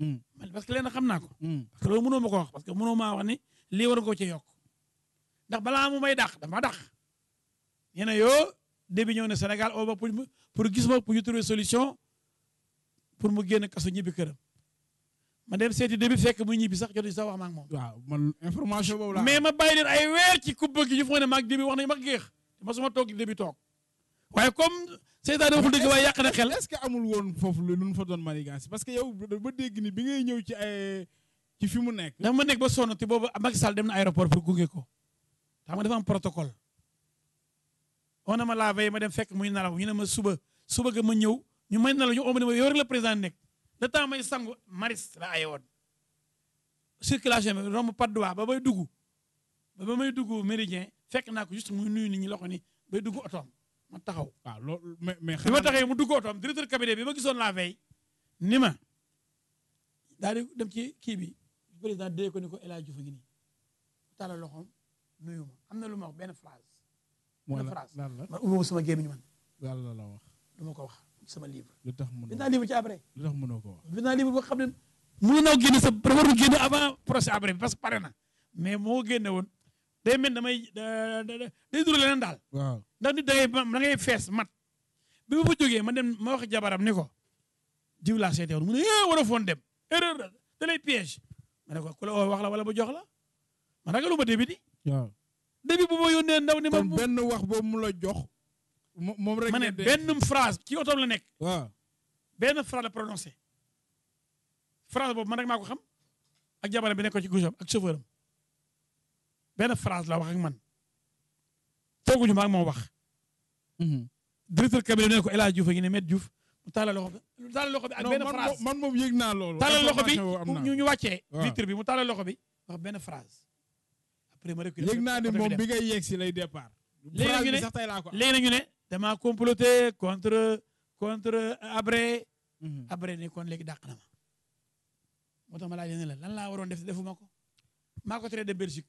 Hmm. parce que leen xam naa ko. Hmm. parce que loolu mënoo ma ko wax parce que mënoo maa wax ni lii war koo ci yokk ndax balaa mu may dàq dama dàq. ñu ne yoo début ñëw ne Sénégal oo oh, ma pour gis ma pour ñu trouver solution pour mu génn kaso ñibbi këram. ma dem seeti début fekk muy ñibbi sax jotuñu sax wax ma moom. waaw man information boobu laa. mais ma bay leen ay weer ci kubba gi ñu foog ne maag début wax nañu ma géex ma suma toog début toog waaye comme. seytaane waxul dëgg waaye yàq na xel est-ce que amul woon foofu lu ñu fa doon parce que yow ba dégg ni bi ngay ñëw ci ay eh, fi mu nekk dafa ma nekk ba sonn te boobu Macky sal dem na aéroport pour gunge ko xam nga dafa am protocole on ma laa veille ma dem fekk muy nalaw ñu na ma suba suba ga ma ñëw ñu may nalaw ñu oom ne ma yow rek la président nekk le ma may sangu maris la ayewoon circulation bi romb padduwaa ba bay dugg ba may dugg méridien fekk naa ko juste muy nuyu nit ñi loxo ni bay ma taxaw waaw loolu mais mais bi ma taxee mu duggoo tam directeur cabinet bi ma gisoon laa veille ni ma daal dem ci kii bi président dee ko ni ko El Hadj Diouf a ngi tala loxoom nuyu ma am na lu ma benn phrase benn phrase man ubbi ma sama gémmiñ man yàlla la wax du ko wax sama livre lu tax mënoo dinaa livre ci après lu tax mënoo ko wax dinaa livre boo xam ne mënoo génne sa war génne avant procès après bi parce que pare na mais moo génne woon day mel damay day duru leneen daal. waaw ndax nit da ngay fees mat bi ma fa jógee ma dem ma wax jabaram ni ko diw seete woon mu ne eh war foon dem erreur la da lay ma ne ko ku wax la wala bu jox la ma ragalu ma début di. waaw bu ma yónnee ndaw ni ma. kon benn wax boobu mu la jox. moom rek ma ne benn phrase ci otoom la nekk. waaw benn phrase la prononcé. phrase boobu ma rek maa xam ak jabaram bi nekk ko ci guusam ak chauffeur benn phrase la wax ak man tooguñu ma ak moom wax. Mhm. directeur cabinet ne ko El Hadj Diouf a ngi ne Maître mu tàllal loxo bi mu tàllal loxo bi ak benn phrase man moom yëg naa loolu. loxo bi ñu ñu wàccee. vitre bi mu tàllal loxo bi wax benn phrase. après ma reculer yëg naa ne moom bi ngay yegg si lay départ. léegi nag ñu ne damaa comploté contre contre Habré. Habré mhm. kon léegi dàq na ma. moo tax ma laaj leen la lan laa waroon def defuma ko maa ko de Belgique.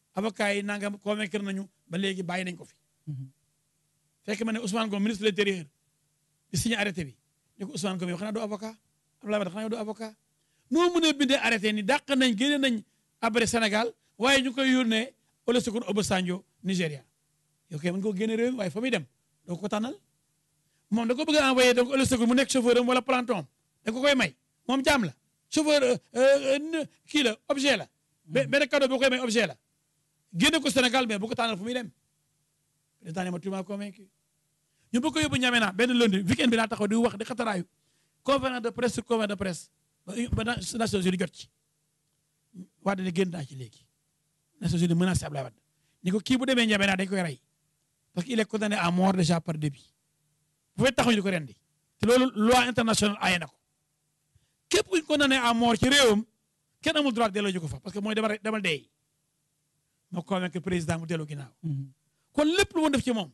avocats yi nangam convaincre nañu ba léegi bàyyi nañ ko fi. Mhm. fekk ma ne Ousmane Ngom ministre de l'intérieur bi arrêté bi ñu ko Ousmane Ngom yow xanaa doo avocat Abdoulaye Wade xanaa doo avocat. noo mënee bindee arrêté ni dàq nañ génne nañ abré senegal waaye ñu koy yónnee Olusegun Obasanjo Nigéria yow kay mën koo génne réew waaye fa muy dem doo ko tànnal moom da ko bëgg a envoyé donc Olusegun mu nekk chauffeur am wala planton da koy may moom jaam la chauffeur euh, euh, euh, kii la objet la. benn cadeau boo koy may objet la. génne ko Sénégal mais bu ko tànnal fu muy dem président ne ma tu m'as convaincu ñu bëgg ko yóbbu Ñamena benn lundi weekend bi laa taxaw di wax di xataraayu conférence de presse sur conférence de presse ba Nations jot ci Wade ne génn naa ci léegi Nations Unies menacé Abdoulaye Wade ni ko kii bu demee Ñamena dañ koy rey parce que il est condamné à mort déjà par débit bu fekk taxuñu di ko rendi te loolu loi internationale aye na ko képp ku ñu condamné à mort ci réewam kenn amul ko fa parce que mooy demal demal dee moo convaincre président mu dellu ginnaaw kon lépp lu woon def ci moom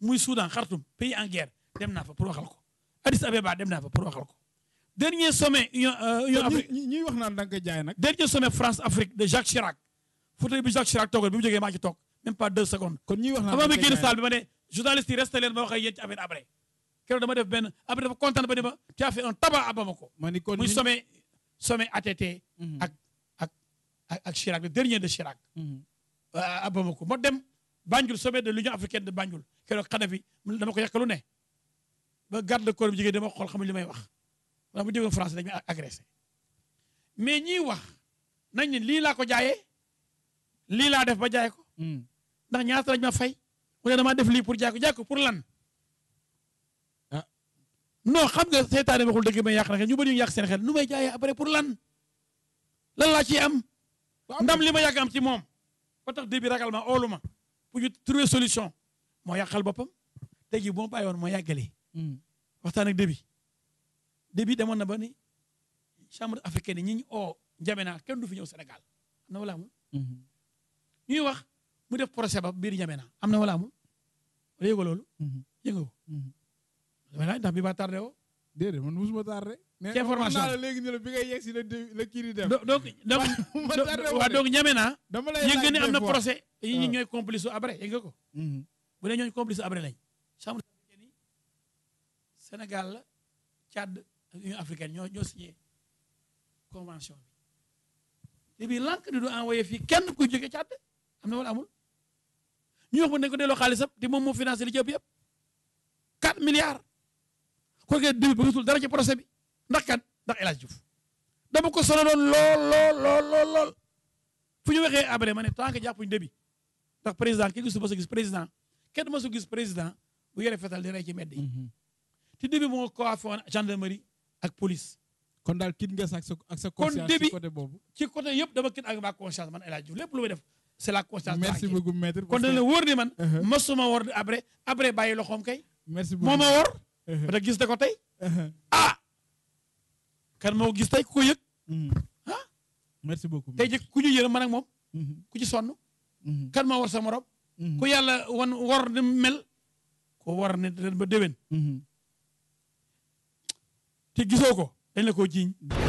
muy Soudan Khartoum pays en guerre dem naa fa pour waxal ko Addis Abeba dem naa fa pour waxal ko dernier sommet union euh, union wax naan da nga koy dernier sommet France Afrique de Jacques Chirac fauteuil bi Jacques Chirac toogoon bi mu ma ci tok, même pas deux secondes kon ñuy wax naan avant ma génn salle bi ma journaliste yi resté leen ma wax ak yéen ci après keroog dama def ben, après dafa kontaan ba ne ma tu as fait un tabac à Bamako muy sommet sommet ATT mhm. ak ak ak Chirac le dernier de Chirac -hmm. Euh, Bamako ma dem Banjul sommet de l'union africaine de Banjul keroog Kadhafi dama ko yàq ne ba garde corps bi jigéen dama xool xamuñ li may wax ndax bu déggoon français a agressé mais ñi wax nañ ne lii laa ko jaayee lii laa def ba jaaye ko. Hmm. ndax ñaata lañ ma fay mu ne def lii pour jaay ko jaay ko pour lan. Ah. non xam nga seetaane waxul dëgg may yàq na xel ñu bëri yàq seen xel nu may jaaye après pour lan lan laa ci am. ndam li ma yàgg am ci moom. tax ragal ma pour trouver solution mo faut trouver une solution. bu ma trouver une solution. Il faut ak début. ni chambre africaine ñi ñu une solution. du fi Sénégal Il wala trouver une hmm. ñuy wax mu def procès ba biir wala am une solution. Il déedéet man mosuma tardé. ci information mais léegi kii di dem. donc donc waa donc ñeme naa. dama lay laaj ne am na procès. yi ñi ah. ñooy complice su abré yëg ko. Mm-hmm. bu dee ñooy complice su abré lañ. chambre Sénégal la Tchad Union africaine ñoo ñoo signé convention bi. et puis lànk di du envoyé fii kenn kuy jóge Tchad am na wala amul. ñu wax mu ne ko delloo xaalisam te moom moo financé li ci ëpp yëpp 4 milliards. pour président président président mhm. police merci beaucoup man uh-huh. merci beaucoup ba gis na ko tey ah kan moo gis tey ku ko yëg ah merci beaucoup tey jëkk ku ñu yërëm man ak moom mmh. ku ci sonn mmh. kan moo war sa morom ku yàlla wan war ni mel ko war ne ren ba déwén te gisoo ko dañ la koo jiiñ